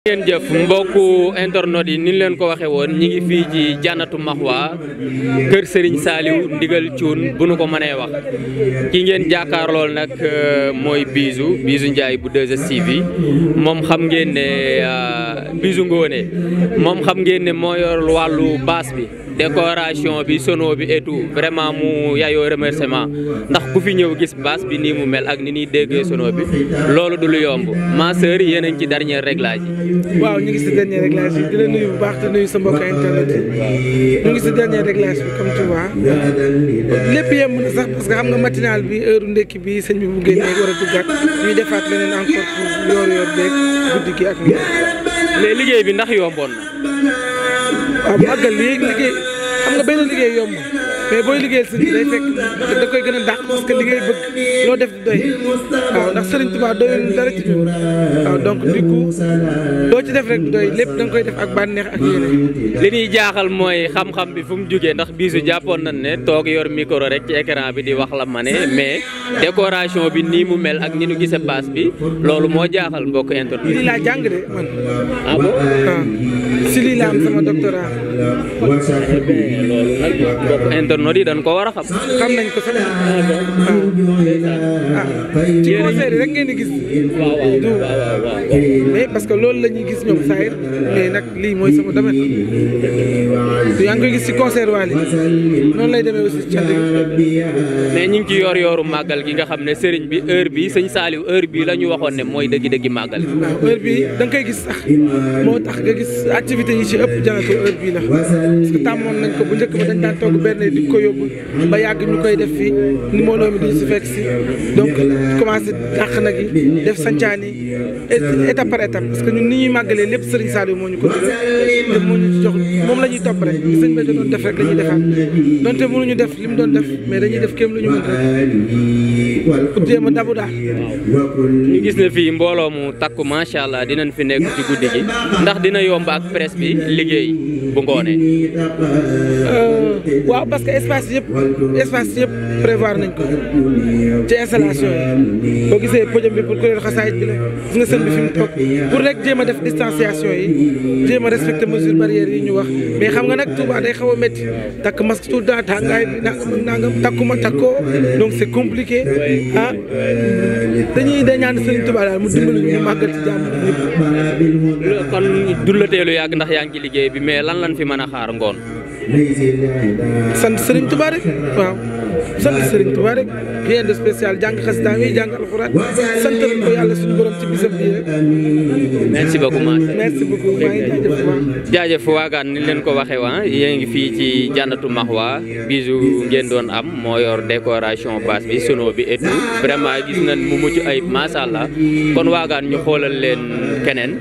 ngeen jëf mbokku internet yi ni leen ko waxee woon ñi ngi fii ci jannatu maxwa kër Serigne Saliou ndigal cuun bu nu ko mënee wax ki ngeen jàkkaar lool nag euh, mooy Bijou Bijou Ndiaye bu 2 bi moom xam ngeen ne euh, Bijou Ngoné moom xam ngeen ne moo wàllu baas bi décoration bi sono bi et vraiment mu yaayoo remerciement ndax ku fi ñëw gis baas bi nii mu mel ak ni ñuy déggee sono bi loolu du lu yomb ma sœur ci dernier réglage yi. waaw ñu ngi si dernier réglage yi di nuyu bu baax di nuyu sa mbokk internet yi ñu ngi si dernier réglage bi comme tu vois lépp yem na sax parce que xam nga matinal bi heure ndekki bi sëñ bi bu génnee war a duggaat ñuy defaat leneen encore pour yoor yoor guddi gi ak nii mais liggéey bi ndax yomboon waaw mu àggal léegi liggéey la benn mais booy liggéeyal sëriñ bi day da que liggéey def doy donc du coup doo ci def rek lépp da koy def ak bànneex li ñuy jaaxal mooy xam-xam bi fu mu jugee ndax biisu jàppoon nañ ne toog yor micro rek ci écran bi di wax la ma ne mais décoration bi nii mu mel ak ni ñu gisee baas bi loolu moo jaaxal mbokk internet. lii laa jàng de man. Ah ah. si lii laa am sama doctorat. Eh loolu nag bokk yi dañ ko war a xam. xam nañ ko feneen. Ah, ah. ah. ci concert yi rek ngeen di gis. waaw parce que loolu la gis ñoom saa yër mais nag lii mooy sama domaine. te yaa ngi koy gis ci concert Wally noonu lay demee aussi ci mais ñu ngi ci yor yooru màggal gi nga xam ne sëriñ bi heure bi sëñ Saliou heure bi la ñu waxoon ne mooy dëgg-dëggi màggal. waaw heure bi da nga koy gis sax moo tax nga gis activité yi ci ëpp janatu heure la parce que tàmmoon nañ ko bu njëkk ba dañ daan benn di ko yóbbu ba yàgg ñu koy def fii ni mbooloo mi duñu si fekk si donc commencé dàq nag yi par étape parce que ñun ni lépp Serigne Saliou moo ñu ko te moo ñu ci jox moom la ñuy topp rek sëñ bi da doon def rek def li mu doon def mais dañuy def kéem lu ñu mën rek pour jéem a dabu daal gis ne fii mbooloo mu takku macha allah dinañ fi nekk ci guddi gi ndax dina yomb ak presse bi liggéey bu ngoonee Euh, waaw parce que espace yëpp espace yëpp prévoir nañ ko ci installation yi boo gisee podium bi pour kuréelu xasaayit bi la gis nga sën bi fi mu toog pour rek jéem a def distanciation yi jéem a respecter mesures barrières yi ñu wax mais xam nga nag Touba day xaw a métti takk masque tout le temps tàngaay bi nangam takkuma takkoo donc c' est compliqué ah dañuy day ñaan daal mu dimbali ñu màggal ci jàmm ñëpp kon du la teelu yàgg ndax yaa ngi ci liggéey bi mais lan lan fi mën a xaar ngoon sant Serigne Touba rek waaw sant Serigne Touba rek rien de spécial ma merci beaucoup waagaan ni leen ko waxee waa yéen ngi fii ci jànnatu Mahwa bisu ngeen doon am moo yor décoration basse bi sono bi et tout vraiment gis na mu mucc ay macha allah kon waagaan ñu xoolal leen keneen.